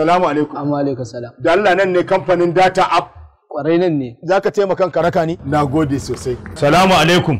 salamu alaikum amma alaikum salam da Allah nan ne kamfanin data app kwarai nan ne Za ka taimaka kan raka ni nagode sosai salamu alaikum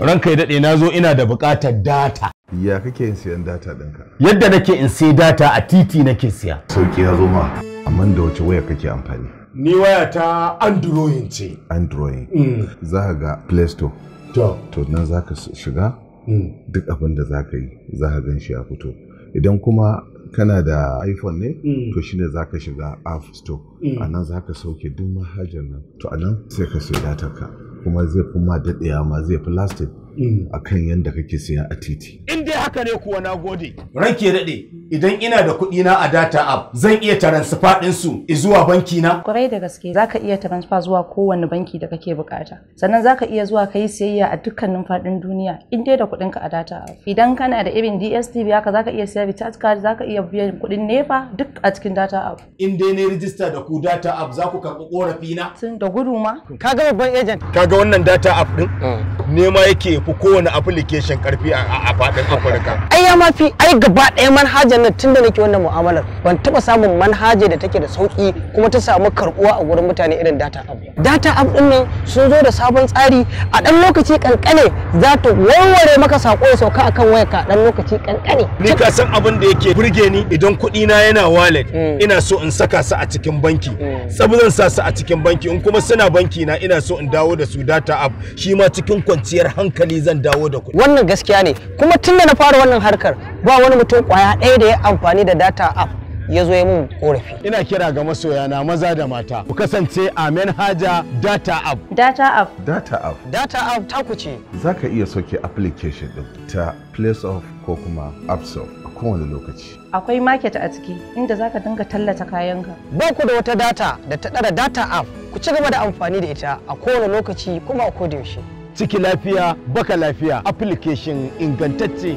ranka ya na nazo ina da buƙatar data ya kake in siyan data ɗinka yadda nake in sai data a titi nake siya sauki ya zo ma amma da wace waya kake amfani ni waya ta android ce android mm. za ka ga play store to to nan za ka shiga mm. duk abin da za ka yi za ka gan shi a fito idan kuma kana da iphone ne mm. to shine za ka shiga app store mm. a nan za ka sauke duk manhajar nan to a nan sai ka sai datar ka kuma zai fi ma daɗewa ma zai fi lasting Mm. akan yadda kake siya a titi. In dai haka ne kuwa na gode. Ranke daɗe, idan ina da kuɗi na a data app zan iya taransifa ɗinsu zuwa banki na? Kwarai da gaske za ka iya taransifa zuwa kowane banki da kake bukata. Sannan za ka iya zuwa ka yi siyayya a dukkanin faɗin duniya in dai da kuɗinka a data app. Idan kana da irin DSTV haka za ka iya siya recharge card za ka iya biyan kuɗin nefa duk a cikin data app. In dai ne rijista da ku data app za ku karɓi ƙorafi na? Tun da gudu ma. Ka ga babban agent. Ka ga wannan data app ɗin? Mm. nema yake fi kowane application karfi a faɗin afirka ai ya mafi ai gaba ɗaya manhajar nan tunda nake wannan mu'amalar ban taɓa samun manhaja da take da sauƙi kuma ta samu karɓuwa a gurin mutane irin data app data app ɗin nan sun zo da sabon tsari a ɗan lokaci kankane za ta warware maka sako ya sauka akan waya a ɗan lokaci kankane ni ka san abin da yake burge ni idan kuɗi na yana wallet hmm. ina so in saka su a cikin banki tsabu hmm. zan sa su a cikin banki in kuma suna banki na ina so in dawo da su data app shi ma cikin kwanciyar hankali zan dawo da kuɗi. Wannan gaskiya ne kuma tun da na fara wannan harkar ba wani mutum kwaya ɗaya da ya amfani da data app ya zo ya mun korafi. Ina kira ga masoya na maza da mata ku kasance a manhaja data app. Data app. Data app. Data app ta ku ce. Za ka iya soke application ɗin ta place of ko kuma App Store. kowane lokaci. Akwai market a ciki inda zaka dinga tallata kayanka. Ba ku da wata data da ta ɗara data app ku ci gaba da amfani da ita a kowane lokaci kuma a koda yaushe. ciki lafiya baka lafiya application ingantacce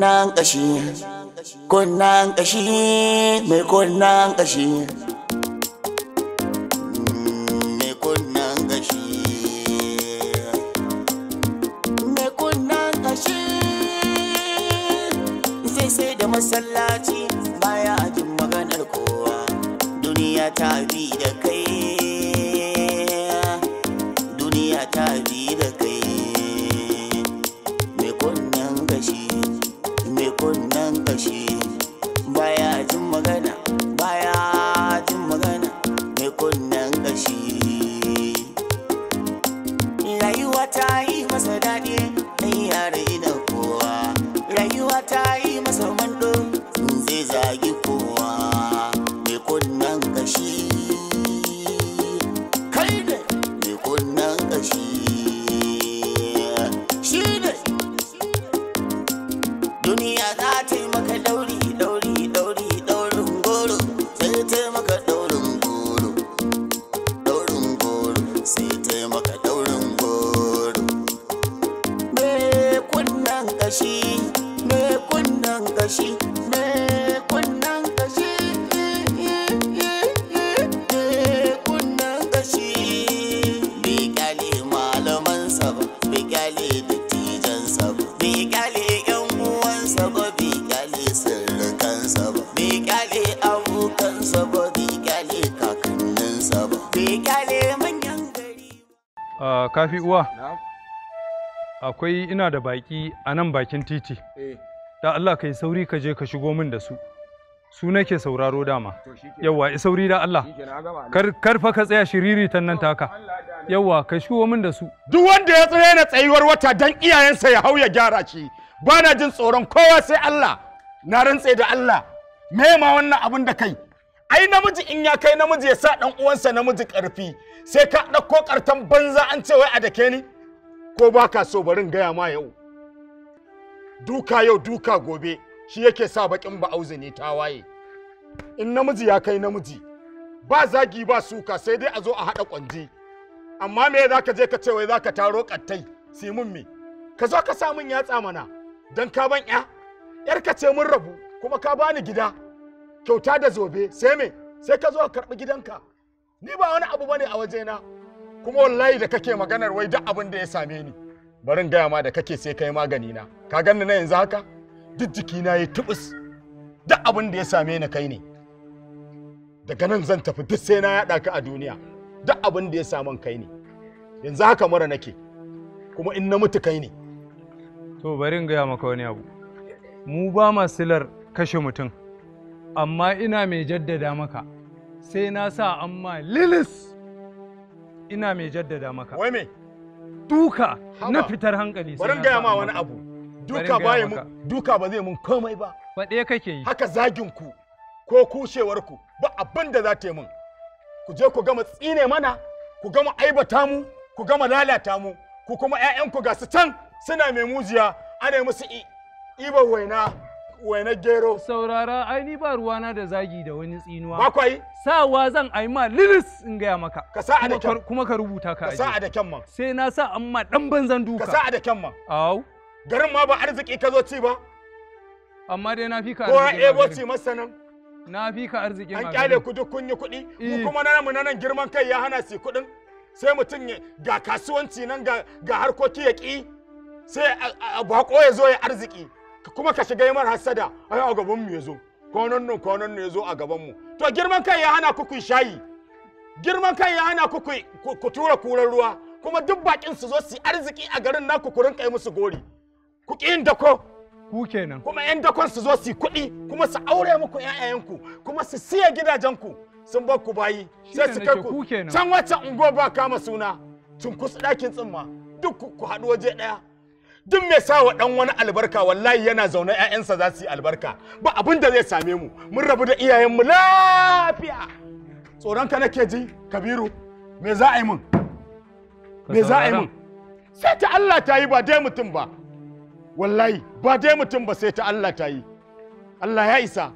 kunnan kashi kunnan kashi mai kunnan kashi akwai ina da baki a nan bakin titi eh. da Allah ka yi sauri ka je ka shigo min da su su nake sauraro dama yawa i sauri da Allah kar fa ka tsaya shiriri tan nan taka yawa ka shigo min da su duk wanda ya tsaya na tsayuwar wata dan iyayensa ya hau ya gyara shi ba na jin tsoron kowa sai Allah na rantse da Allah me ma wannan abin da kai ai namiji in ya kai namiji ya sa dan uwansa namiji karfi sai ka ɗauko kartan banza an ce wai a dake ni ko ba ka so barin gaya ma yau duka yau duka gobe shi yake sa bakin ba auzini ta waye in namiji ya kai namiji ba zagi ba suka sai dai a zo a haɗa ƙwanji amma me za ka je ka ce wai za ka taro ƙattai si mun me ka zo ka sa min yatsa mana don ka ban ya yar ka ce mun rabu kuma ka bani gida kyauta da zobe sai me sai ka zo ka karɓi gidanka ni ba wani abu bane a wajena kuma wallahi da kake maganar wai duk abin da ya same ni barin gaya ma da kake sai kai magani na ka ganni na yanzu haka duk jikina ya tubus duk abin da ya same ni kai ne daga nan zan tafi duk sai na yaɗa ka a duniya duk abin da ya samu kai ne yanzu haka mura nake kuma in na mutu kai ne to bari in gaya maka wani abu mu ba ma silar kashe mutum amma ina mai jaddada maka sai na sa amma lilis ina mai jaddada maka wai me duka na fitar hankali bari gaya ma wani abu duka ba mu duka ba zai mun komai ba faɗe kake yi haka zagin ku ko kushewar ku ba abin da za ta yi mun ku je ku gama tsine mana ku gama aibata mu ku gama lalata mu ku kuma 'ya'yanku ga su can suna mai mujiya ana musu ibar waina wane gero. Saurara ai ni ba ruwana da zagi da wani tsinuwa. Bakwai. Sawa zan ai ma lilis in gaya maka. Ka sa da kyan. Kuma ka rubuta ka aje. Ka sa da kyan ma. Sai na sa amma dan banzan duka. Ka sa da kyan ma. Au. Garin ma ba arziki ka zo ci ba. Amma dai na fi ka arziki. Ko ya ebo ci masa nan. Na fi ka arzikin An kyale ku duk kun yi kuɗi. Mu eh. kuma na mu nan girman kai ya hana si kuɗin. Sai mutum ga kasuwanci nan ga harkoki ya ƙi. Sai a bako ya zo ya arziki. ka kuma ka shiga mana hassada ai a gaban mu yazo kwanan nan kwanan nan yazo a gaban mu to girman kai ya hana ku ku shayi girman kai ya hana ku ku tura kuran ruwa kuma duk bakin su zo su arziki a garin naku ku rinka musu gori ku ki yin dako ku kenan kuma yan dakon su zo su kuɗi kuma su aure muku ƴaƴayenku kuma su siya gidajenku sun bar ku bayi sai su kai ku can wacce unguwa ba kama suna cunkus ɗakin tsimma duk ku haɗu waje ɗaya duk mai sa wa dan wani albarka wallahi yana zaune ƴaƴansa za su yi albarka ba abin da zai same mu mun rabu da iyayenmu lafiya tsoron ka nake ji kabiru me za a yi min me za a yi min sai ta Allah ta yi ba dai mutum ba wallahi ba dai mutum ba sai ta Allah ta yi Allah ya isa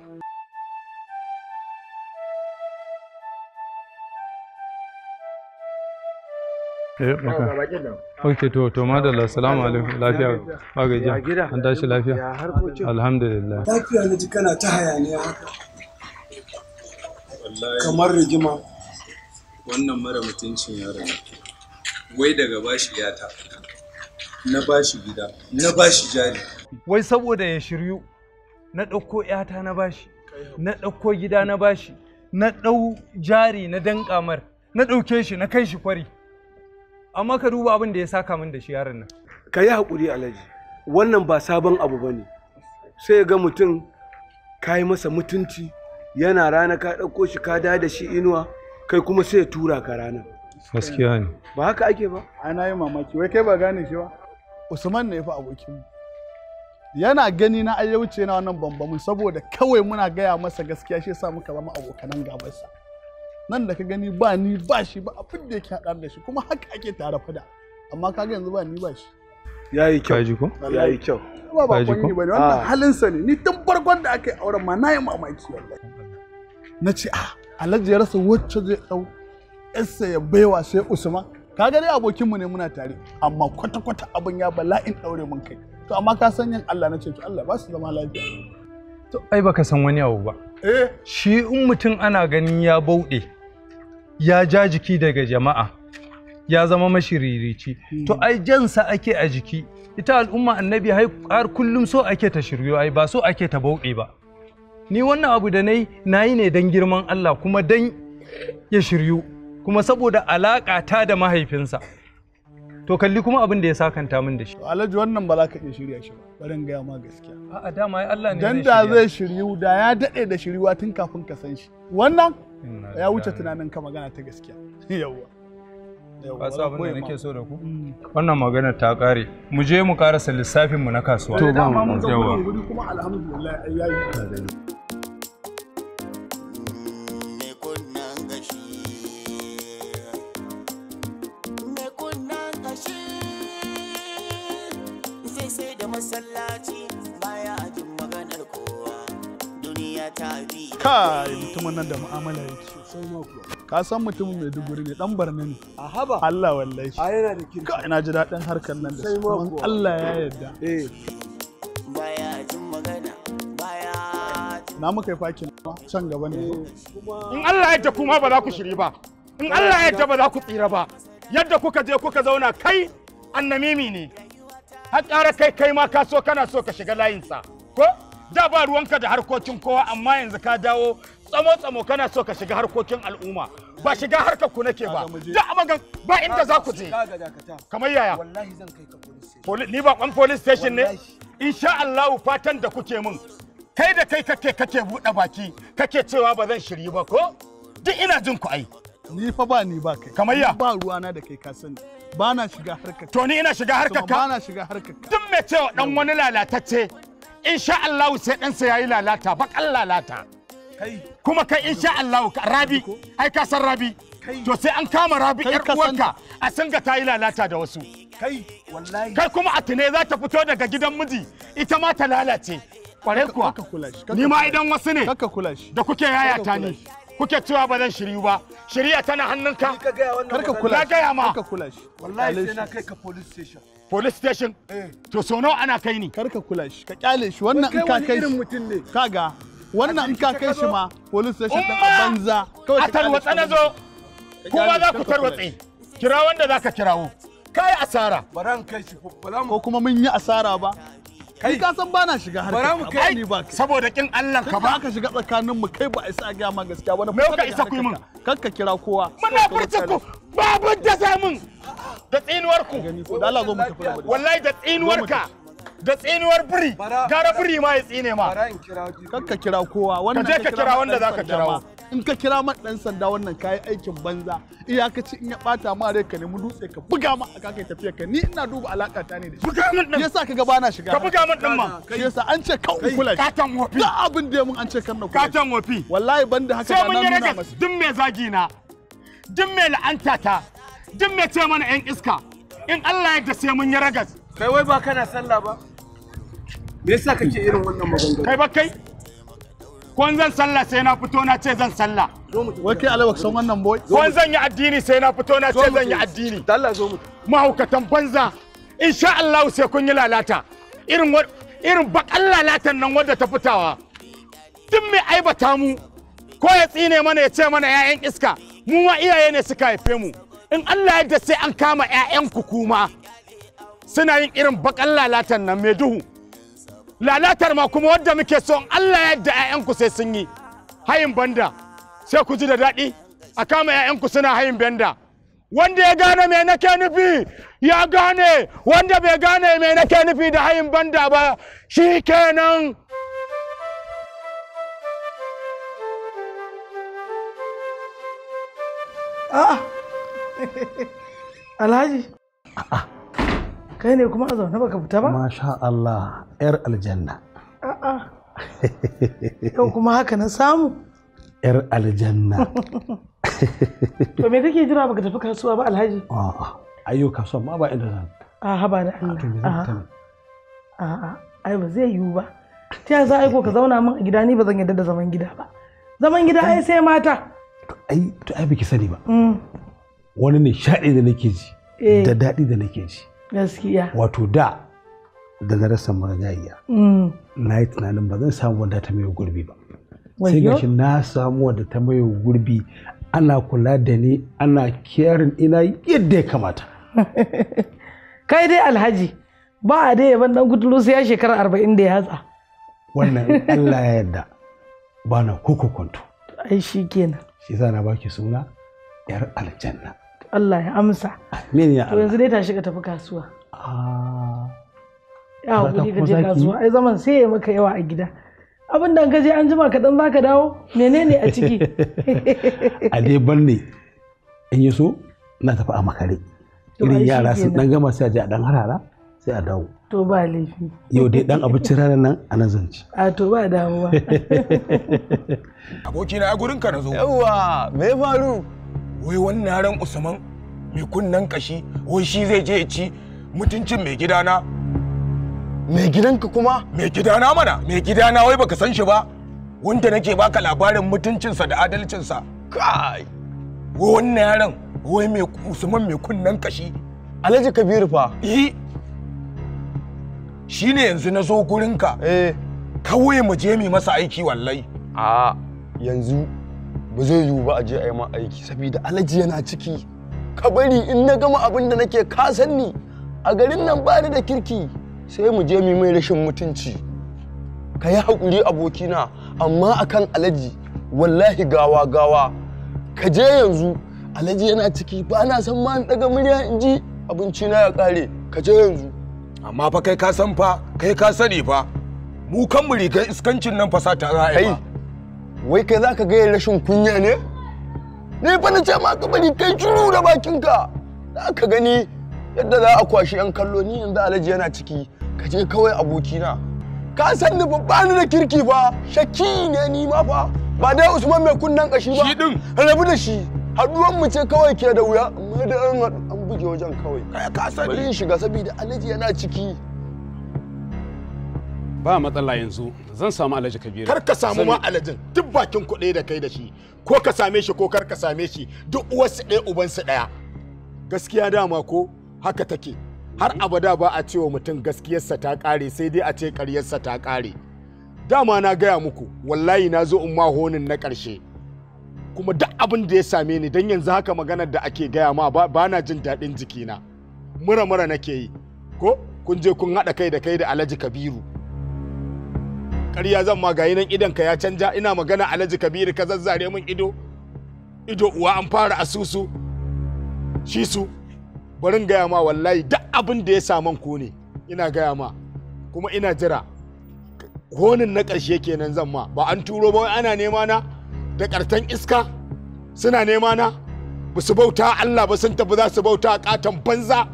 Eh, ok to to madalla salamu alaikum lafiya ba gajiya an tashi lafiya alhamdulillah lafiya na ji kana ta hayaniya haka kamar rigima wannan mara mutuncin yaro ne wai daga bashi ya na bashi gida na bashi jari wai saboda ya shiryu na ɗauko yata na bashi na ɗauko gida na bashi na ɗau jari na danƙamar na ɗauke shi na kai shi kwari amma ka duba abin da ya saka min da shi yaron nan ka yi haƙuri alhaji wannan ba sabon abu ba ne sai ga mutum ka yi masa mutunci yana rana ka ɗauko shi ka da da shi inuwa kai kuma sai ya tura ka rana gaskiya ne ba haka ake ba ana yi mamaki wai kai ba gane shi ba usman ne ya fi abokin yana gani na ayyauce na wannan bambamin saboda kawai muna gaya masa gaskiya shi yasa muka zama abokanan gabansa nan da ka gani ba ni ba shi ba abin da yake haɗar da shi kuma haka ake tare fada amma ka yanzu ba ni ba shi ya yi kyau ko ya yi kyau ba ba kun ba bane wannan ah. halinsa ne ni tun farkon da aka yi auren ma na yi mamaki na ce a ah, alhaji ya rasa wacce zai ɗau yarsa ya baiwa sai usman ka ga dai abokinmu ne muna tare amma kwata-kwata abin ya bala'in ɗaure mun kai to amma ka san yin Allah na ce to Allah ba su zama lafiya to ai baka san wani abu ba eh shi in mutum ana ganin ya bauɗe ya ja jiki daga jama'a ya zama mashiririci to hmm. ai jansa ake a jiki ita al'umma annabi har kullum so ake ta shiryo ai ba so ake ta bauɗe ba ni wannan abu da nayi nayi ne dan girman Allah kuma dan ya shiryu kuma saboda alaƙa ta da mahaifinsa to kalli kuma abin da ya sakanta min da shi alhaji wannan ba za ka iya shirya shi ba barin gaya ma gaskiya a'a dama ai Allah ne dan da zai shiryu da ya dade da shiryuwa tun kafin ka san shi wannan ya wuce tunanin ka magana ta gaskiya yawwa su abin da nake so da ku mm. wannan magana ta kare mu je mu karasa lissafin mu na kasuwa to ba mu yawa kai mutumin nan da mu'amala yake ka san mutumin mai duguri ne dan barna ne a haba Allah wallahi a yana da kirki kai ina ji daɗin harkar nan da su Allah ya yarda eh. baya jin magana baya na muka yi fakin can gaba ne eh, in Allah ya yarda kuma ba za ku shiri ba in Allah ya yarda ba za ku tsira ba yadda kuka je kuka zauna kai annamimi ne har kare kai kai ma ka so kana so ka shiga layinsa ko da ba ruwanka da harkokin kowa amma yanzu ka dawo tsamo-tsamo kana so ka shiga harkokin al'umma ba shiga harkar ku nake ba da amagan ba inda za ku je kamar yaya ni ba kwan police station ne insha Allah fatan da kuke min kai da kai kake kake buɗe baki kake cewa ba zan shirye ba ko duk ina jin ku ai ni fa ba ni ba kai kamar ya ba ruwana da kai ka sani ba na shiga harkar to ni ina shiga harkar ka ba na shiga harkar duk me cewa dan wani lalatacce insha Allah sai ɗansa yayi lalata kan lalata kuma kai insha Allah rabi ai ka san rabi to sai an kama rabi yar uwarka a sanga ta yi lalata da wasu kai wallahi kai kuma a tune za ta fito daga gidan miji ita ma ta lalace kwarai kuwa ni ma idan wasu ne da kuke yayata ni kuke cewa ba zan shiryu ba shirya tana hannunka karka kula na gaya ma wallahi sai na kai ka police station police station eh. to so nawa ana kai ni karka kula shi ka kyale shi wannan in ka kai shi kaga wannan in ka kai shi ma police station din a banza kawai a tarwatsa na zo kuma za ku tarwatse kira wanda za ka kirawo kai asara ba ran kai shi ko kuma mun yi asara ba kai ka san bana shiga harka. bara mu kai ni ba saboda kin Allah ka ba ka shiga tsakanin mu kai ba a isa ga ma gaskiya wani ka isa ku mun kakka kira kowa muna furta ku babun da sai mun da tsinuwarku da Allah zo mu tafi wallahi da tsinuwarka da tsinuwar biri gara biri ma ya tsine ma Kan ka kira kowa wannan ka kira wanda zaka kirawo in ka kira man dan sanda wannan kayi aikin banza iyakaci in ya bata ma rai ka nemi dutse ka buga ma aka kai tafiya ka ni ina duba alaka ta ne da shi buga min din yasa kaga bana shiga ka buga min din ma yasa an ce kan kula ka tan wofi da abin da mun an ce kan na kula ka tan wofi wallahi banda haka na nuna masa duk mai zagi na duk mai la'anta ta duk mai ce mana 'yan iska in Allah ya sai mun yi ragas. Kai wai ba kana sallah ba? Me yasa kake irin wannan maganganu? Kai ba kai? Ko zan sallah sai na fito na ce zan sallah. Wai kai alawak san wannan boy? Ko zan yi addini sai na fito na ce zan yi addini. Allah zo mu. Mahaukatan banza. Insha Allah sai kun yi lalata. Irin irin bakan lalatan nan wadda ta fitawa. Duk mai aibata mu ko ya tsine mana ya ce mana 'ya'yan iska mu ma iyaye ne suka haife mu. in Allah yadda sai an kama 'ya'yanku kuma suna yin irin bakan lalatar nan mai duhu lalatar ma kuma wadda muke so Allah yadda 'ya'yanku sai sun yi hayin banda sai ku ji da daɗi a kama ku suna hayin banda wanda ya gane me nake nufi ya gane wanda bai gane me nake nufi da hayin banda ba shi kenan. Alhaji. A'a. Kai ne kuma a zaune baka fita ba? Masha Allah, 'yar aljanna. A'a. Yau kuma haka na samu? 'Yar aljanna. To me kake jira baka tafi kasuwa ba Alhaji? A'a. Ayyo kasuwa ma ba inda zan. A haba da Allah. A'a. Ai ba zai yiwu ba. Ta za a ko ka zauna min a gida ni ba zan yarda da zaman gida ba. Zaman gida ai sai mata. Ai to ai biki sani ba. Mm. wani nishaɗi da nake ji eh. da daɗi da nake ji gaskiya wato da da na rasa marigayiya mm. na yi tunanin ba zan samu wanda ta mai gurbi ba sai gashi na samu wanda ta mai gurbi ana kula da ni ana kiyarin ina yadda ya kamata kai dai alhaji ba a dai yaban dan kuturu sai ya shekara arba'in da ya hatsa wannan allah ya yarda ba na kuku kwanto ai shi kenan shi na baki suna yar aljanna Allah ya amsa amin ya Allah to yanzu dai ta shiga tafi kasuwa ah. ya hakuri ka je kasuwa ai zaman sai ya maka yawa a gida abin da ka je an jima kaɗan za ka dawo menene a ciki a dai bar ne in yi so na tafi a makare irin yara sun dan gama sai a je a dan harara sai a dawo to ba laifi yau dai dan abincin ranar nan a nan a to ba damuwa aboki na gurin ka na zo yawa me faru wai wannan yaran usman mai kunnen kashi wai shi zai je ya ci mutuncin mai gidana mai gidanka kuma mai gidana mana mai gidana wai baka san shi ba wanda nake baka labarin mutuncinsa da adalcinsa kai wai wannan yaran wai mai usman mai kunnen kashi alhaji kabiru fa eh shine yanzu na zo gurinka eh kawai mu je mu masa aiki wallahi a yanzu ba zai yiwu ba a je a yi ma aiki saboda alaji yana ciki ka bari in na gama abin da nake ka san ni a garin nan ba ni da kirki sai mu je mu mai rashin mutunci ka yi haƙuri abokina amma akan alaji wallahi gawa gawa ka je yanzu alaji yana ciki ba na san ma daga murya in ji abinci na ya kare. ka je yanzu amma fa kai ka san fa kai ka sani fa mu kan mu rigar iskancin nan fa sa ta ba. wai kai za ka gaya rashin kunya ne ne fa na ce ma ka bari kai juru da bakinka za ka gani yadda za a kwashi yan kallo ni yanzu alhaji yana ciki ka je kawai abokina ka san ni ba ni da kirki fa shakki ne ni ma fa ba dai usman mai kunnan kashi ba shi din rabu da shi haduwan mu ce kawai ke da wuya Amma da an buge wajen kawai ka san ni shiga saboda alhaji yana ciki ba matsala yanzu zan samu alhaji kabiru kar ka samu ma alhajin duk bakin kuɗi da kai da shi ko ka same shi ko kar ka same shi duk uwarsu ɗaya ubansu ɗaya gaskiya dama ko haka take har abada ba a cewa mutum gaskiyarsa ta kare sai dai a ce ƙaryarsa ta kare. dama na gaya muku wallahi na zo in ma honin na karshe. kuma duk abin da ya same ni don yanzu haka maganar da ake gaya ma ba na jin daɗin jikina mura mura nake yi ko kun je kun haɗa kai da kai da alhaji kabiru ƙarya zan ma gayi nan idan ka ya canja ina magana alhaji kabiru ka zazzare min ido ido uwa an fara asusu shi su barin gaya ma wallahi duk abin da ya saman ku ne ina gaya ma kuma ina jira honin na ƙarshe kenan zan ma ba an turo ba ana nema na da ƙartan iska suna nema na ba su bauta Allah ba sun tafi za su bauta ƙatan banza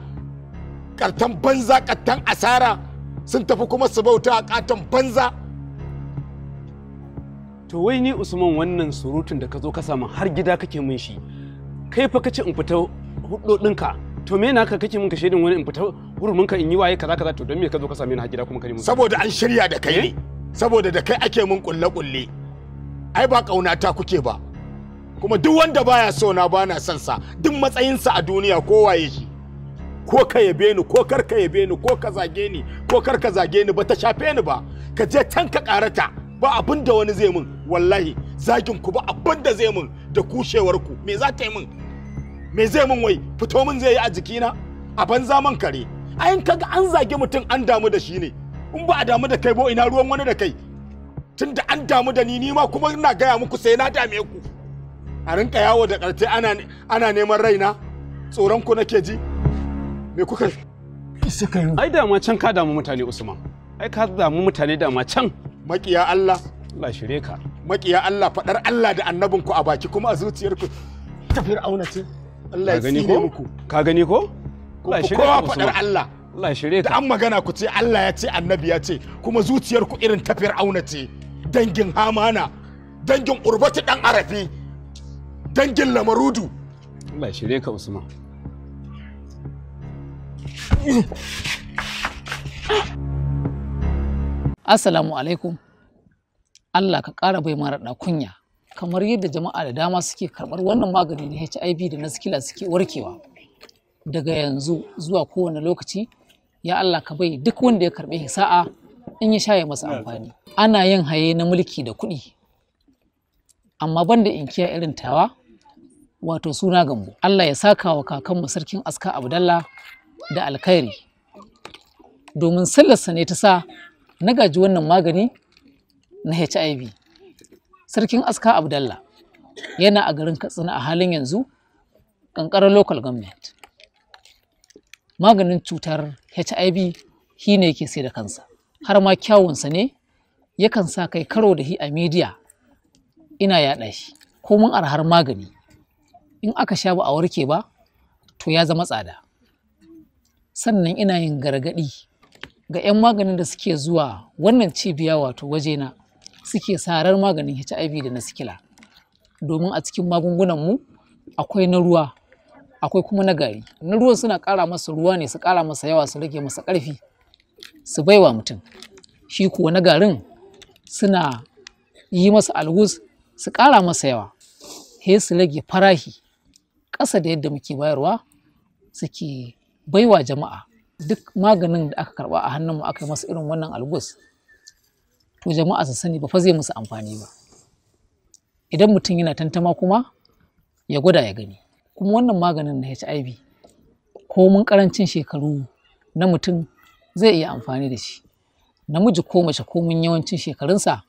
ƙartan banza ƙartan asara sun tafi kuma su bauta a ƙatan banza to wai ni usman wannan surutun da ka zo ka samu har gida kake min shi kai fa kace in fita hudodinka to me naka kake min ka shedin wani in fita ka in yi waye kaza kaza to don me ka zo ka same ni har gida kuma ka nemi saboda an shirya da kai ne eh? saboda da kai ake min kulle kulle ai ba kaunata kuke ba kuma duk wanda baya so na na son sa duk matsayinsa a duniya ko waye shi ko ka yabe ni ko kar ka yabe ni ko ka zage ni ko kar ka zage ni ba ta shafe ni ba ka je can ka karata ba abin da wani zai min wallahi zagin ku ba abin da zai min da kushewar ku me za ta yi min me zai min wai fito min zai yi a jikina a banza man kare in kaga an zage mutum an damu da shi ne in ba a damu da kai ba ina ruwan wani da kai tunda an damu da ni ni ma kuma ina gaya muku sai na dame ku a rinka yawo da ƙarte ana neman raina tsoron ku nake ji me kuka isa kai ai dama can ka damu mutane usman ai ka damu mutane dama can makiya Allah Allah shire ka makiya Allah fadar Allah da annabin ku a baki kuma a zuciyarku ta fir'auna ce Allah ya tsine muku ka gani ko Allah shire ka fadar Allah Allah shire ka da an magana ku ce Allah ya ce annabi ya ce kuma zuciyarku irin ta fir'auna ce dangin hamana dangin urbati dan arafi dangin lamarudu Allah shire ka Usman Assalamu alaikum. Allah ka ƙara bai mara da kunya. Kamar yadda jama'a da dama suke karɓar wannan magani na HIV da na sikila suke warkewa. Daga yanzu zuwa kowane lokaci, ya Allah ka bai duk wanda ya karɓe sa'a in ya sha shaye masa amfani. Ana yin haye na mulki da kuɗi. Amma banda in inkiya irin tawa, wato suna gambo. Allah ya saka wa kakanmu sarkin aska Abdallah da alkhairi. Domin sallarsa ne ta sa na gaji wannan magani na HIV. Sarkin Aska Abdallah yana a garin Katsina a halin yanzu ƙanƙarar local government. Maganin cutar HIV shi ne yake sai da kansa, har ma kyawunsa ne yakan sa kai karo da shi a media ina yaɗa shi, ko mun arhar magani. In aka sha ba a warke ba, to ya zama tsada. Sannan ina yin gargaɗi ga 'yan maganin da suke zuwa wannan cibiya wato wajena suke sarar maganin HIV da na sikila domin a cikin magungunan mu akwai na ruwa akwai kuma na gari na ruwan suna ƙara masa ruwa ne su ƙara masa yawa su rage masa ƙarfi su baiwa mutum shi kuwa na garin suna yi masa algus su ƙara masa yawa he su rage farahi ƙasa da yadda muke bayarwa suke baiwa jama'a duk maganin da aka karba a hannunmu aka yi masa irin wannan algus to jama'a su sani ba fa zai musu amfani ba idan mutum yana tantama kuma ya gwada ya gani kuma wannan maganin na HIV ko mun karancin shekaru na mutum zai iya amfani da shi namiji ko mace ko mun yawancin shekarunsa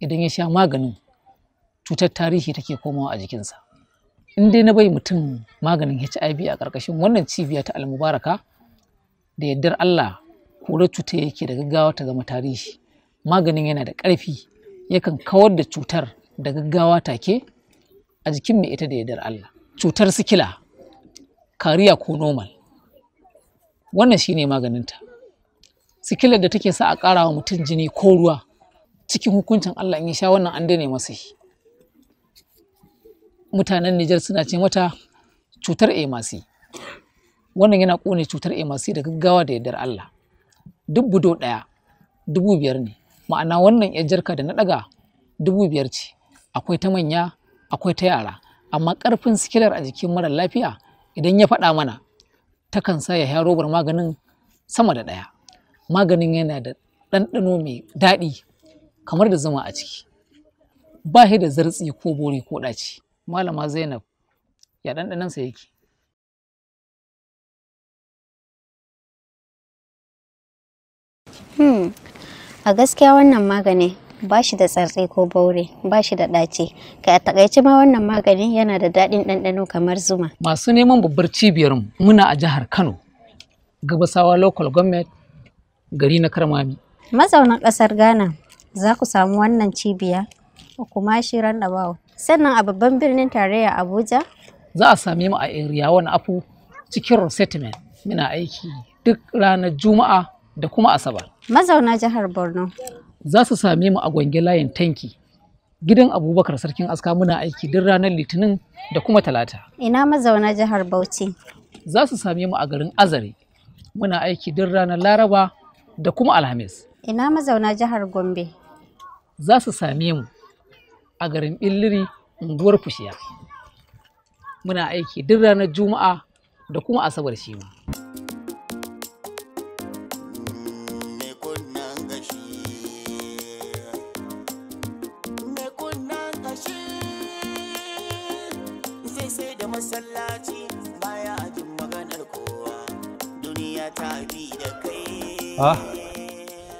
idan ya sha maganin cutar tarihi take komawa a jikinsa in dai na bai mutum maganin HIV a ƙarƙashin wannan cibiya ta almubaraka da yardar Allah kura cutar yake da gaggawa ta zama tarihi maganin yana da ƙarfi yakan kawar da cutar da gaggawa take a jikin mai ita da yardar Allah cutar sikila kariya ko normal wannan shine maganinta sikilar da take sa a ƙara wa mutum jini ko ruwa cikin hukuncin Allah in ya sha wannan an daina masa mutanen Nijar suna ce mata cutar emasi wannan yana kone cutar AMC da gaggawa da yardar Allah duk budo ɗaya dubu biyar ne ma'ana wannan yar jarka da na ɗaga dubu biyar ce akwai ta manya akwai ta yara amma ƙarfin sikilar a jikin mara lafiya idan ya faɗa mana takan sa ya harobar robar maganin sama da ɗaya maganin yana da ɗanɗano mai daɗi kamar da zama a ciki ba shi da zartsi ko bori ko ɗaci malama zainab ya ɗanɗanansa yake Hmm. a gaskiya wannan magani ba shi da tsartse ko baure ba shi da ɗaci kai a takaice ma wannan maganin yana da daɗin ɗanɗano kamar zuma masu neman babbar cibiyar muna a jihar kano gabasawa local government gari na karmami mazaunan ƙasar ghana za ku samu wannan cibiya kuma shi randabawa sannan a babban birnin tarayya abuja za a sami mu a area wani afu cikin resettlement muna aiki duk ranar juma'a da kuma Asabar. Mazauna jihar Borno. Za su same mu a gwange layin tanki. Gidan Abubakar Sarkin Aska muna aiki duk ranar Litinin da kuma Talata. Ina mazauna jihar Bauchi. Za su same mu a garin Azare. Muna aiki duk ranar Laraba da kuma Alhamis. Ina mazauna jihar Gombe. Za su same mu a garin Billiri unguwar Fushiya. Muna aiki duk ranar Juma'a da kuma Asabar shi ma. Ah,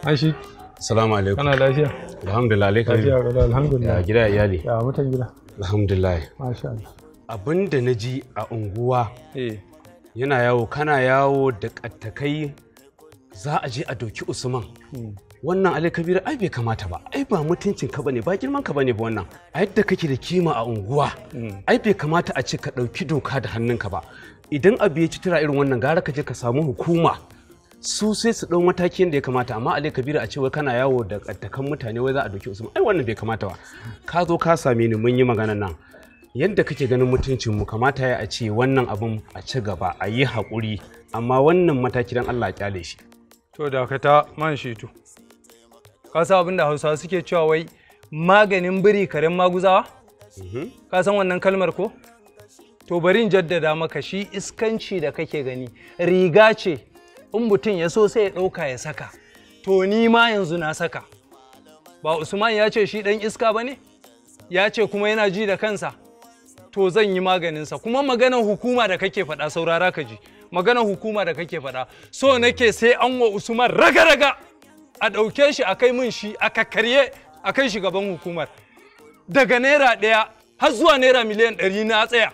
Aishi. Salamu alaikum. Kana lafiya? Alhamdulillah alaikum. Lafiya ga alhamdulillah. Ya gida iyali. Ya mutan gida. Alhamdulillah. Masha Allah. Abin da na ji a unguwa. Eh. Yana yawo kana yawo da kattakai za a je a doki Usman. Hmm. Wannan Ali Kabir ai bai kamata ba. Ai ba mutuncin ka bane, ba girman ka bane ba wannan. A yadda kake da kima a unguwa. Hmm. Ai bai kamata a ce ka ɗauki doka da hannunka ba. Idan abu ya ci tura irin wannan gara ka je ka samu hukuma. su sai su ɗau matakin da ya kamata amma alai kabira a cewa kana yawo da ƙattakan mutane wai za a doki usman ai wannan bai kamata ba ka zo ka same ni mun yi maganar nan yadda kake ganin mutuncin mu kamata ya a ce wannan abin a ci gaba a yi haƙuri amma wannan mataki dan Allah kyale shi to dakata man shi tu. ka san abin da Hausawa suke cewa wai maganin biri karen maguzawa mhm. ka san wannan kalmar ko to bari in jaddada maka shi iskanci da kake gani riga ce in mutum ya so sai ya ɗauka ya saka to ni ma yanzu na saka ba usman ya ce shi ɗan iska ba ne ya ce kuma yana ji da kansa to zan yi maganinsa kuma maganar hukuma da kake faɗa saurara ka ji maganar hukuma da kake faɗa so nake sai an wa usman raga-raga a ɗauke shi a kai min shi a kakkarye a kai shi gaban hukumar daga naira ɗaya har zuwa naira miliyan ɗari na tsaya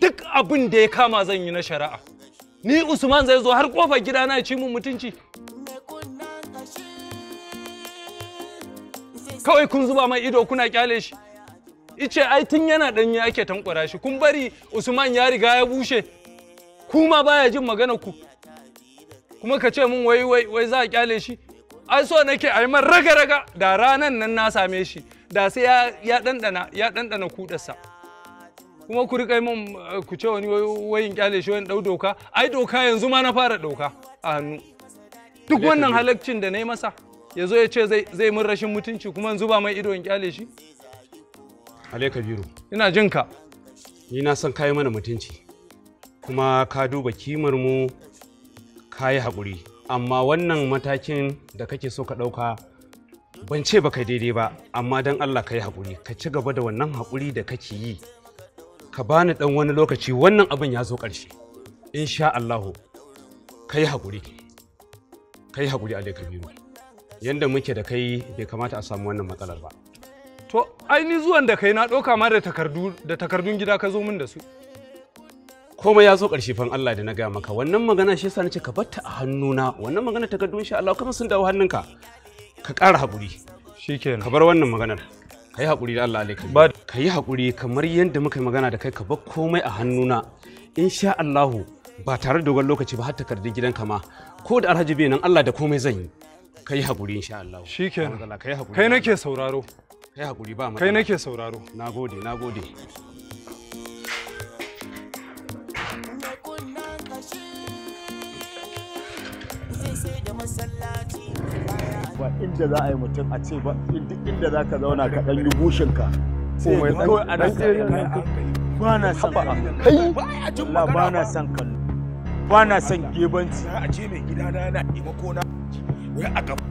duk abin da ya kama zan yi na shari'a ni usman zai zo har kofar gidana ya ci mun mutunci kawai kun zuba mai ido kuna kyale shi ice ai tun yana danye ake tankwara shi kun bari usman ya riga ya bushe kuma baya jin magana ku kuma ka ce min wai wai wai za a kyale shi ai so nake ai man raga raga da ranan nan na same shi da sai ya ya dandana ya dandana kudarsa kuma ku rika mun eh, ku ce wani wayin kyale shi wani ɗau doka ai doka yanzu ma na fara doka a hannu duk wannan halaccin da na yi masa ya zo ya ce zai mun rashin mutunci kuma yanzu ba mai ido in kyale shi ale kabiru ina jin ka ni na san kai mana mutunci kuma ka duba kimar mu ka yi haƙuri amma wannan matakin da kake so ka ɗauka ban ce ba kai daidai ba amma don allah ka yi haƙuri ka ci gaba da wannan hakuri da kake yi ka bani dan wani lokaci wannan abin ya zo ƙarshe insha Allahu kai haƙuri kai haƙuri a kabiru yanda muke da kai bai kamata a samu wannan matsalar ba to ai ni zuwan da kai na ɗauka ma da takardu da takardun gida ka zo min da su komai ya zo ƙarshe fan Allah da na gaya maka wannan magana shi yasa nace ka batta a hannuna wannan magana takardu insha Allah kuma sun dawo hannunka ka ƙara haƙuri shikenan ka bar wannan maganar ka yi haƙuri da Allah alaikum ka yi haƙuri kamar yadda muka yi magana da kai ka bar komai a hannuna insha Allahu ba tare da dogon lokaci ba har takardun gidanka ma ko da alhaji bai nan Allah da komai zan yi ka yi haƙuri insha Allahu shikenan kai nake sauraro kai haƙuri ba kai nake sauraro nagode nagode ba inda za a yi mutum a ce ba inda za ka zauna ka ɗan yi bushinka sai kawai a nan ba na son kai la ba na son kallo ba na son gebanci a ce mai gida na na taimako na wai a gaba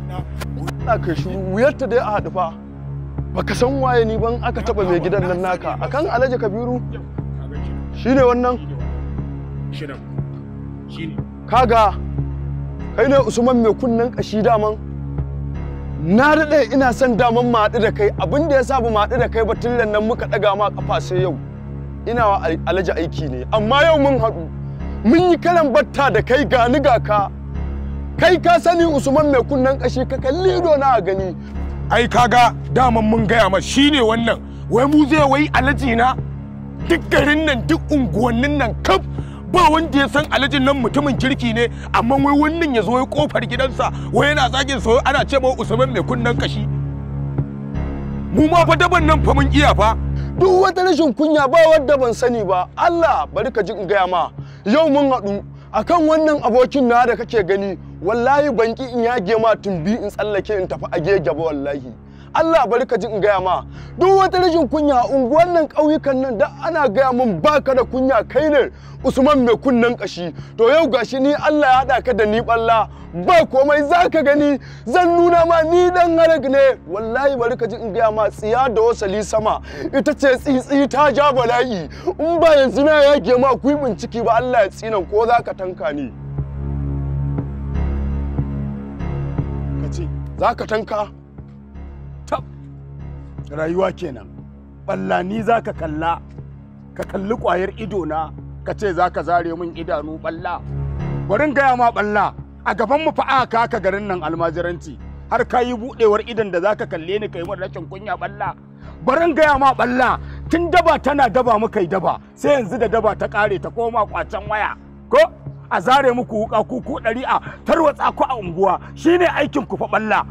na kai shi wuyar ta dai a haɗu fa baka san waye ni ban aka taba mai gidan nan naka akan Alhaji Kabiru shine wannan kaga kai ne Usman mai kunnen kashi daman na daɗe ina son daman maɗu da kai abin da ya sa ba maɗu da kai ba tillan nan muka ɗaga ma ƙafa sai yau ina wa alaji aiki ne amma yau mun haɗu mun yi karan batta da kai ga ni ga ka kai ka sani usman mai kunnen ƙashi ka kalli ido na a gani ai kaga daman mun gaya ma shine wannan wai mu zai wai alaji na duk garin nan duk unguwannin nan kaf ba wanda ya san alajin nan mutumin kirki ne amma wai wannan ya zo ya kofar gidansa wai yana zagin sa ana ce ma Usman mai kunnan kashi mu ma fa daban nan fa mun iya fa duk wata rashin kunya ba wanda ban sani ba Allah bari ka ji in gaya ma yau mun haɗu akan wannan abokin na da kake gani wallahi banki in yage ma tumbi in tsallake in tafi a gege ba wallahi Allah bari ka ji in gaya ma duk wata rashin kunya a unguwan nan ƙauyukan nan da ana gaya min baka da kunya kai ne Usman mai kunnen kashi to yau gashi ni Allah ya haɗa ka da ni balla ba komai za ka gani zan nuna ma ni dan harag ne wallahi bari ka ji in gaya ma tsiya da wasali sama ita ce tsitsi ta ja bala'i in ba yanzu na yage ma kuibin ciki ba Allah ya tsinan ko za ka tanka ni za tanka rayuwa kenan ni za ka kalla ka kalli ƙwayar idona ka ce za ka zare min idanu balla gwarin gaya ma balla a gaban mu fa'a ka ka garin nan almajiranci har ka yi buɗewar idan da za ka kalle ni ka yi min rashin kunya balla barin gaya ma balla tun daba tana daba muka yi daba sai yanzu da daba ta ƙare ta koma kwacen waya ko a zare muku wuka ku ku ɗari a tarwatsa ku a unguwa shine aikin ku fa balla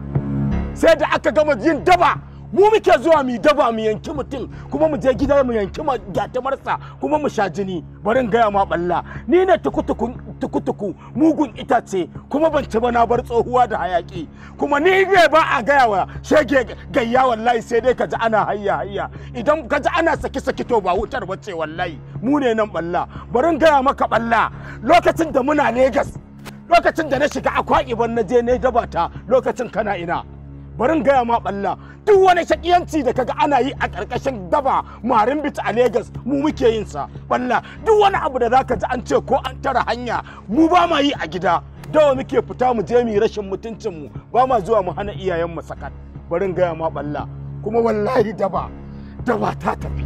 sai da aka gama yin daba mu muke zuwa mu daba mu yanki mutum kuma mu je gida mu yanki gyatamarsa kuma mu sha jini bari in gaya ma balla ni ne tukutuku mugun itace kuma ban ci ba na bar tsohuwa da hayaki kuma ni ne ba a gaya wa shege gayya wallahi sai dai ka ji ana hayya hayya idan kaji ana saki saki to ba wutar ba ce wallahi mu ne nan balla bari in gaya maka balla lokacin da muna Legas lokacin da na shiga akwa iban na je ne daba ta lokacin kana ina barin gaya ma balla duk wani shakiyanci da kaga ana yi a ƙarƙashin daba marin bit a Legas mu muke yin sa balla duk wani abu da zaka ji an ce ko an tara hanya mu ba ma yi a gida dawa muke fita mu je mu rashin mutuncin mu ba ma zuwa mu hana iyayen mu sakat barin gaya ma balla kuma wallahi daba daba ta tafi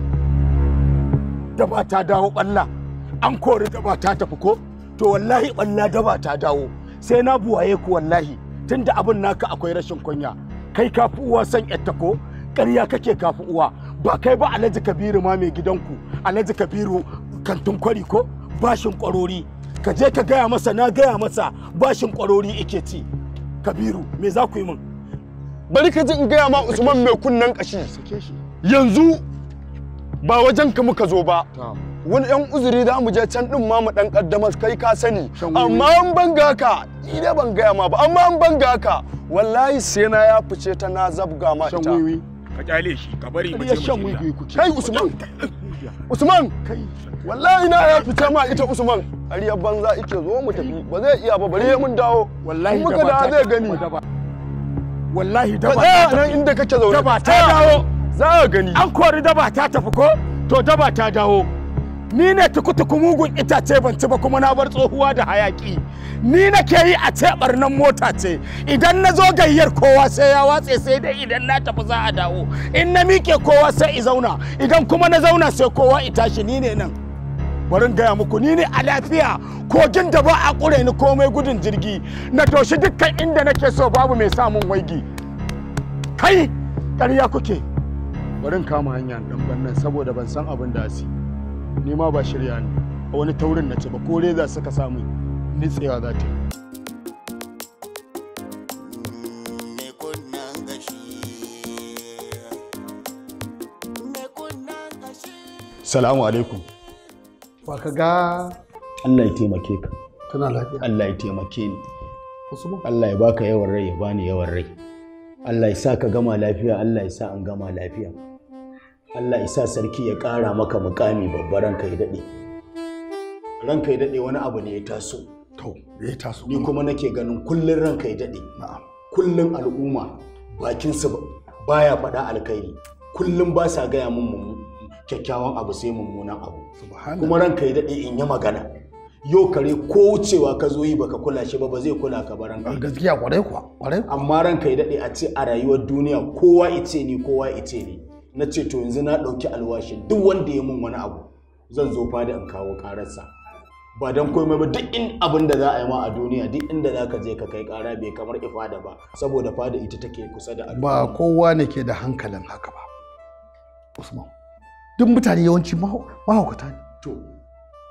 daba ta dawo balla an kori daba ta tafi ko to wallahi balla daba ta dawo sai na buwaye ku wallahi tunda abin naka akwai rashin kunya kai kafi uwa san yatta ko ƙarya kake kafi uwa ba kai ba alhaji kabiru ma mai gidanku alhaji kabiru kantin kwari ko bashin kwarori ka je ka gaya masa na gaya masa bashin kwarori ike ci kabiru me za ku yi min bari ka ji in gaya ma usman mai kunnen kashi yanzu ba wajen ka muka zo ba wani yan uzuri da mu je can din ma mu dan kaddamar kai ka sani amma an banga ka ni ban gaya ma ba amma an banga ka wallahi sai na ya fice ta na zabga ma ita ka kyale shi ka bari mu je mu kai usman usman kai wallahi na ya fice ma ita usman ariya banza ike zo mu tafi ba zai iya ba bari mun dawo wallahi muka da zai gani wallahi daba ta nan inda kake zaune daba ta dawo za ka gani an kori ba ta tafi ko to ba ta dawo ni ne tukutuku mugun itace ban ci ba kuma na bar tsohuwa da hayaki ni nake yi a ce barnan mota ce idan na zo gayyar kowa sai ya watse sai dai idan na tafi za a dawo in na miƙe kowa sai i zauna idan kuma na zauna sai kowa i tashi ni ne nan bari gaya muku ni ne a lafiya kogin da ba a ƙure ni komai gudun jirgi na toshi dukkan inda nake so babu mai samun waigi kai ƙarya kuke bari kama hanya dan bannan saboda ban san abin da asiri ni ma ba shirya ne a wani taurin na ce ba ko reza suka samu nitsewa za ta yi Salamu alaikum. Ba ka ga Allah ya taimake ka. Kana lafiya. Allah ya taimake ni. Allah ya baka yawan rai ya bani yawan rai. Allah ya sa ka gama lafiya, Allah ya sa an gama lafiya. Allah isa sarki ya ƙara maka mukami babba ranka ya daɗe. Ranka ya daɗe wani abu ne ya taso. To, ya taso. Ni kuma nake ganin kullun ranka ya daɗe. Na'am. Kullun al'umma bakin su baya faɗa alkhairi. Kullun ba sa gaya mun kyakkyawan abu sai mummunan abu. Kuma ranka ya daɗe in yi magana. Yau kare ko wucewa ka zo yi baka kula shi ba ba zai kula ka ba Gaskiya kwarai kuwa. Amma ranka ya daɗe a ce a rayuwar duniya kowa ice ni kowa ice ni. na ce to yanzu na ɗauki alwashi duk wanda ya mun wani abu zan zo fada in kawo kararsa ba don komai ba duk in abin da za a yi ma a duniya duk inda za ka je ka kai kara bai kamar ifada ba saboda fada ita take kusa da ba kowa ne ke da hankalin haka ba usman duk mutane yawanci mahaukata ne to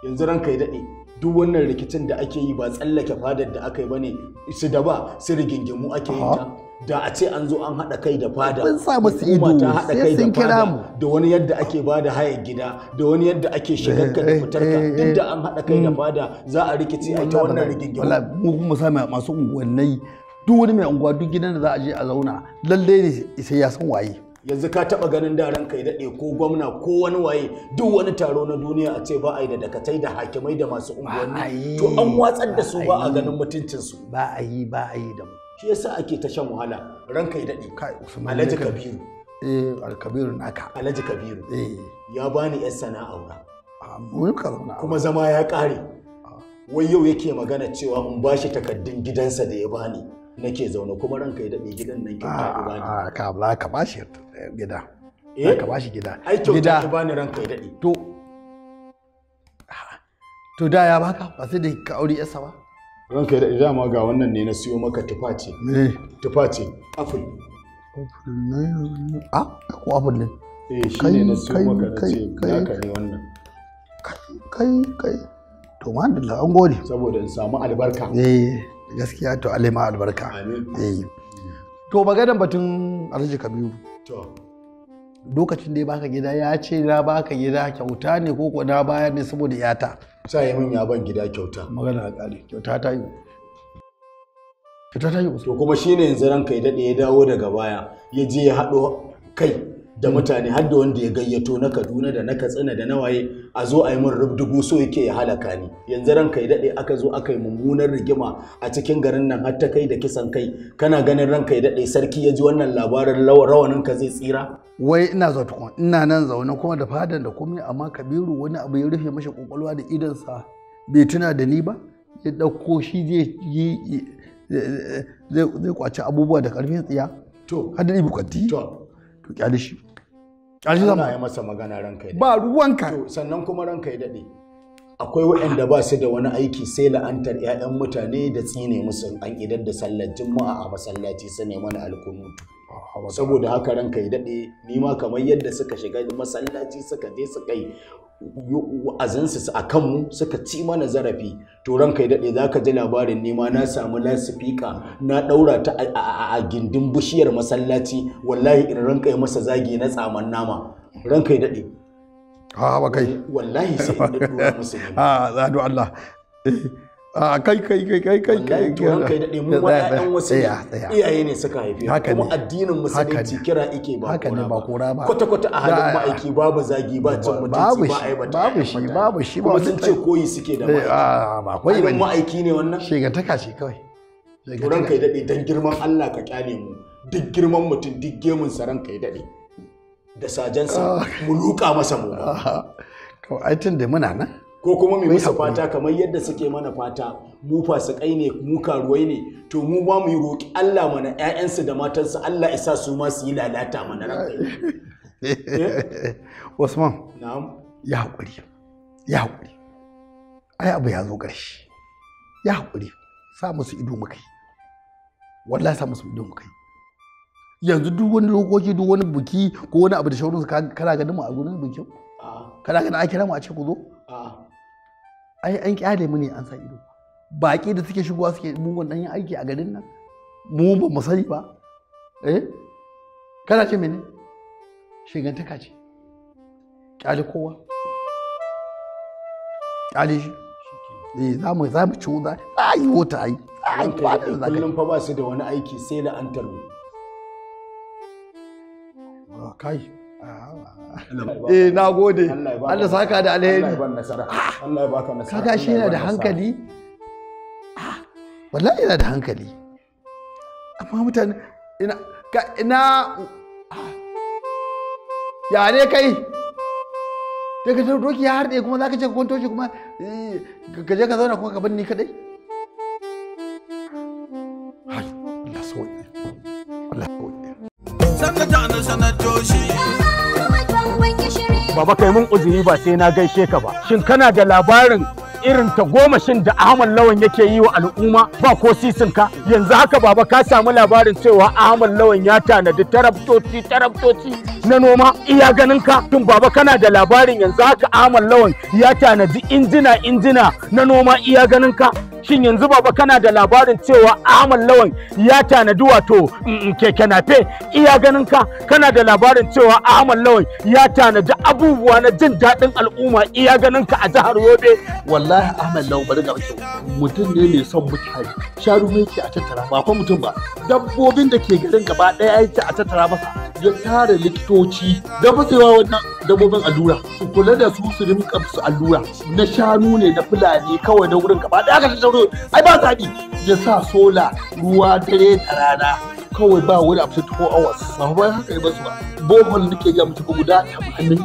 yanzu ranka kai daɗe duk wannan rikicin da ake yi ba tsallake fadar da aka yi ba ne su da ba su rigingimu ake yin ta da a ce an zo an haɗa kai da fada mun sa musu ido ta haɗa kai da fada da wani yadda ake bada hayar gida da wani yadda ake shigarka da eh, eh, fitarka eh, duk da an haɗa kai da mm. fada za a rikice a ta wannan rigingimu wala mu kuma sa masu unguwanni. duk wani mai unguwa duk gidan da za a je a zauna lalle ne sai ya san waye yanzu ka taba ganin da ranka ya dade ko gwamna ko wani waye duk wani taro na duniya a ce ba a yi da dakatai da hakimai da masu unguwanni to an watsar da su ba a ganin mutuncin su ba a yi ba a yi da mu shi yasa ake ta shan wahala ranka ya daɗe kai alhaji kabiru eh alkabiru naka alhaji kabiru eh ya bani yan sana'a aura kuma zama ya ƙare wai yau yake magana cewa in bashi takaddun gidansa da ya bani nake zaune kuma ranka ya daɗe gidan nan kyauta ku bani a ka ba ka bashi eh, gida eh ka gida ai kyauta ku bani ranka ya daɗe to to da ya baka ba sai da ka aure yasa ba ranka ya da ma ga wannan ne na siyo maka tufa ce tufa ce apple apple ne a ah, ko apple ne eh shi ne na siyo maka na ce kai Kai, wannan kai kai kai, to ma da an gode saboda in samu albarka eh gaskiya to ma albarka amin eh to magadan batun alhaji kabiru to lokacin da ya baka gida ya ce na baka gida kyauta ne ko na baya ne saboda yata sa yi min ya ban gida kyauta magana a kare kyauta ta yi kyauta ta yi to kuma shine yanzu ranka ya dade ya dawo daga baya ya je ya haɗo kai da hmm. mutane har da wanda ya gayyato na kaduna da na katsina da na nawaye a zo a yi min rubdugu so yake ya halaka ni yanzu ranka ya daɗe aka zo aka yi mummunar rigima a cikin garin nan har ta kai da kisan kai kana ganin ranka ya daɗe sarki ya ji wannan labarin rawanin ka zai tsira wai ina zo tukun ina nan zaune kuma da fadan da komai amma kabiru wani abu ya rufe mashi kwakwalwa da idonsa bai tuna da ni ba ya ɗauko shi zai zai kwaci abubuwa da ƙarfin tsiya to har bukati to to kyale alhaji ya masa magana ranka ba ruwanka sannan kuma ranka ya daɗe akwai waɗanda ba su da wani aiki sai la'antar 'ya'yan mutane da tsine musu an idar da sallar juma'a a masallaci su ne mana alkunutu saboda haka ranka ya daɗe ni ma kamar yadda suka shiga masallaci suka je su kai wa'azinsu a kanmu suka ci mana zarafi to ranka yi daɗe za ka ji labarin nema na samu lasifika na ɗaura ta a gindin bishiyar masallaci wallahi in ranka kai masa zagi na tsaman nama ranka yi daɗe ha ba kai wallahi sai in dora musu a zadu Allah a kai kai kai kai kai kai kai daɗe mu wa ƴaƴan wasu iyaye ne suka haife kuma addinin musulunci kira ike ba haka ne ba kora ba kwata kwata a halin ma'aiki babu zagi ba cin mutunci ba aibata babu shi babu shi ba sun ce koyi suke da eh, ma'aiki ah, ba koyi ba ma'aiki ne wannan shiga taka shi kawai ran kai daɗe dan girman Allah ka kyale mu duk girman mutum duk gemun sa ran kai daɗe da sajensa mu luka masa mu to ai tun da muna nan ko kuma mu musu fata kamar yadda suke mana fata mu fasikai ne mu karuwai ne to mu ba mu yi roƙi Allah mana ƴaƴansu da matansu Allah isa su ma su yi lalata mana ran Usman na'am ya hakuri ya hakuri ai abu ya zo karshe ya hakuri sa musu ido muka yi wallahi sa musu ido muka yanzu duk wani dokoki duk wani buki ko wani abu da shaurinsu kana ganin mu a gurin bikin kana ganin an kira mu a ce ku zo ai an kyale mu ne an sa ido baki da suke shigowa suke mugun dan yin aiki a garin nan mu ba mu sani ba eh kana ce mene shigantaka ce kyale kowa kyale shi eh za mu za mu ci wuta ai wuta ai ai za ka. kullum fa ba su da wani aiki sai an mu kai ah. eh na gode Allah saka da alheri Allah ya baka nasara ah. kaga shi yana da hankali ah. wallahi yana da hankali amma mutane ina ka ina ya ne kai daga doki ya harde kuma za ka ce ka kwanto kuma gaje eh, ka zauna kuma ka bar ni kadai Baba kai mun uzuri ba sai na gaishe ka ba. Shin kana da labarin irin ta gomashin da Ahmad Lawan yake yi wa al'umma ba ko sisinka yanzu haka baba ka samu labarin cewa Ahmad Lawan ya tanadi tarabtoci tarabtoci na noma iya ganin ka tun baba kana da labarin yanzu haka Ahmad Lawan ya tanadi injina injina na noma iya ganin ka shin yanzu baba kana da labarin cewa Ahmad Lawan ya tanadi wato mm, mm, keke nafe iya ganin ka kana da labarin cewa Ahmad Lawan ya tanadi abubuwa na jin daɗin al'umma iya ganin ka a jihar Yobe wallahi Ahmad Lawan bari ga mutum ne mai son mutane sharu mai yake a tattara ba kwa mutum ba dabbobin da ke garin gaba ɗaya yake a tattara masa ya tara likitoci da fasewa wannan dabbobin allura su kula da su su rinka su allura na shanu ne na fulani kawai na wurin gaba ɗaya ka sauro ai ba zaɓi ya sa sola ruwa dare da rana kawai ba wani abu ko awas ba ba haka ba su ba bohol nake ga mutu guda tamanin.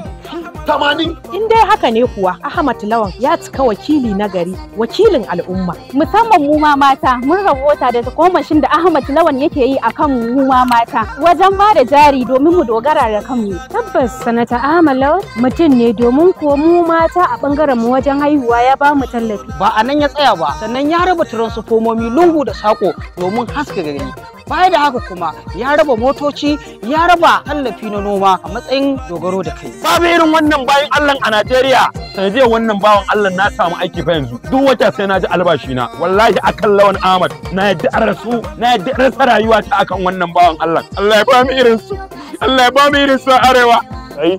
tamanin. In dai haka ne kuwa Ahmad Lawan ya cika wakili na gari wakilin al'umma. Musamman mu ma mata mun rabota da takomashin da Ahmad Lawan yake yi akan mu ma mata wajen ba da jari domin mu dogara da kanmu. Tabbas sanata Ahmad Lawan mutum ne domin ko mu mata a bangaren mu wajen haihuwa ya ba mu tallafi. Ba a nan ya tsaya ba sannan ya raba transfomomi lungu da sako domin haska gari. baya da haka kuma ya raba motoci ya raba tallafi na noma a matsayin dogaro da kai. Babu irin wannan wannan bayan Allah a Najeriya sanadiyar wannan bawan Allah na samu aiki fa yanzu duk wata sai na ji albashi na wallahi akan lawan Ahmad na yadda an rasu na yadda rasa rayuwa ta akan wannan bawan Allah Allah ya ba mu irin su Allah ya ba mu irin su arewa ai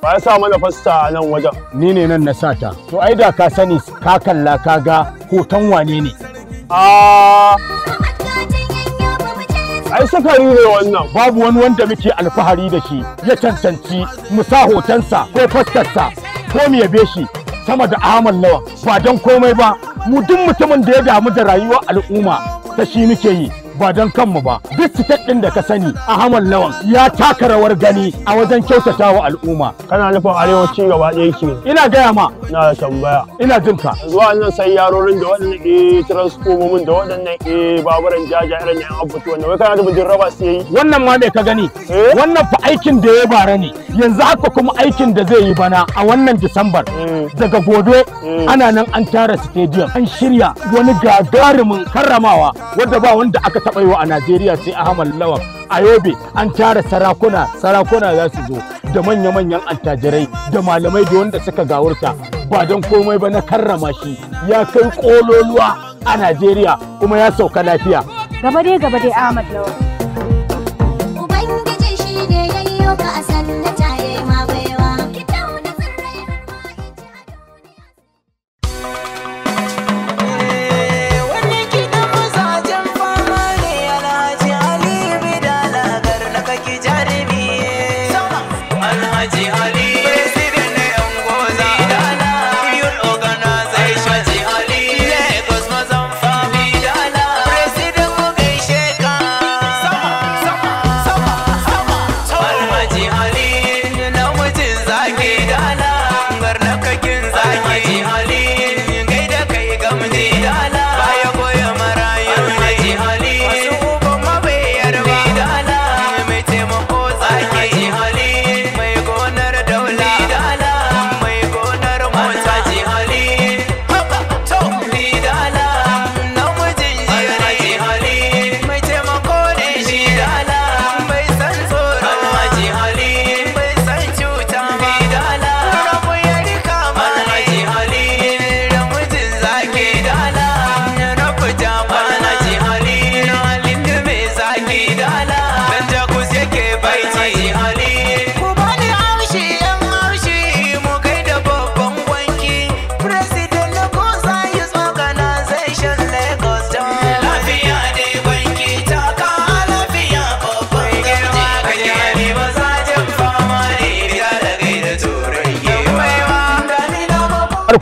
ba ya sa mana fasta nan wajen ni ne nan na sata to ai da ka sani ka kalla ka ga hoton wane ne a ah. ai sukari ne wannan babu wani wanda muke alfahari da shi ya cancanci mu sa hotonsa ko fuskarsa ko mu yabe shi sama da Ahmad Lawan ba don komai ba mu duk mutumin da ya damu da rayuwar al'umma ta shi muke yi ba don kanmu ba duk sitet ɗin da ka sani a Hamal lawan ya taka rawar gani a wajen kyautata wa al'umma kana nufin arewaci gaba ɗaya ki ina gaya ma na tambaya ina jin ka zuwa nan sai yarorin da waɗannan eh transformomin da waɗannan eh baburan jaja irin yan abubuwa wanda wai kana da bindin raba su yayi wannan ma me ka gani eh? wannan fa aikin da ya bara ne yanzu haka kuma aikin da zai yi bana a wannan disambar hmm. daga godo hmm. ana nan an tara stadium an shirya wani gagarumin karramawa wanda ba wanda aka taɓa yi wa a Najeriya sai Ahmad Lawan a Yobe an tara sarakuna sarakuna za su zo da manya-manyan attajirai da malamai da wanda suka gawurta ba don komai ba na karrama shi ya kai kololuwa a Najeriya kuma ya sauka lafiya. Gaba dai Ahmad Lawan.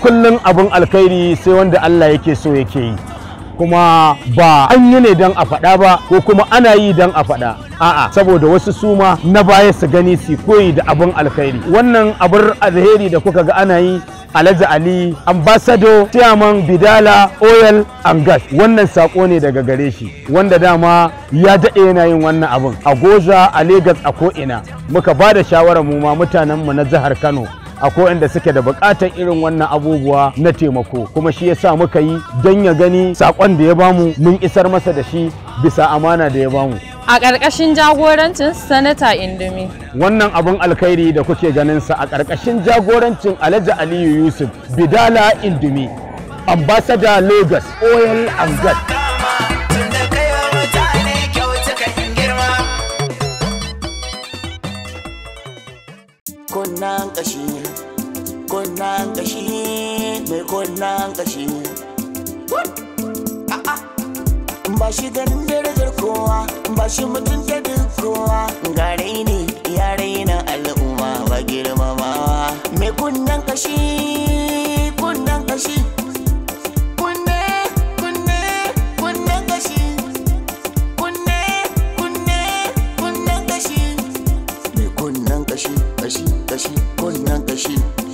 kullum abin alkhairi sai wanda Allah yake so yake yi kuma ba an yi ne don a faɗa ba ko kuma ana yi don a faɗa a'a saboda wasu suma na baya su gani su koyi da abin alkhairi wannan abin alheri da kuka ga ana yi Alhaji Ali Ambasado chairman Bidala Oil and Gas wannan sako ne daga gare shi wanda dama ya daɗe yana yin wannan abin a Goza a Legas a ko'ina muka ba da shawarar mu ma mutanenmu na jihar Kano akwai wanda suke da bukatar irin wannan abubuwa na taimako kuma shi yasa muka yi don ya gani sakon da ya bamu mun isar masa da shi bisa amana da ya bamu a ƙarƙashin jagorancin sanata indimi wannan abun alkhairi da kuke ganinsa a ƙarƙashin jagorancin alhaji aliyu yusuf bidala indimi ambassador lagos oil and gas kunnan kashi mai kunnan kashi ah, ah. ba shi ganin darajar kowa ba shi mutunta duk kowa ga ne ya raina al'umma ba girmamawa mai kunnan kashi kunnan kashi kunnan kashi kashi kashi kunnan kashi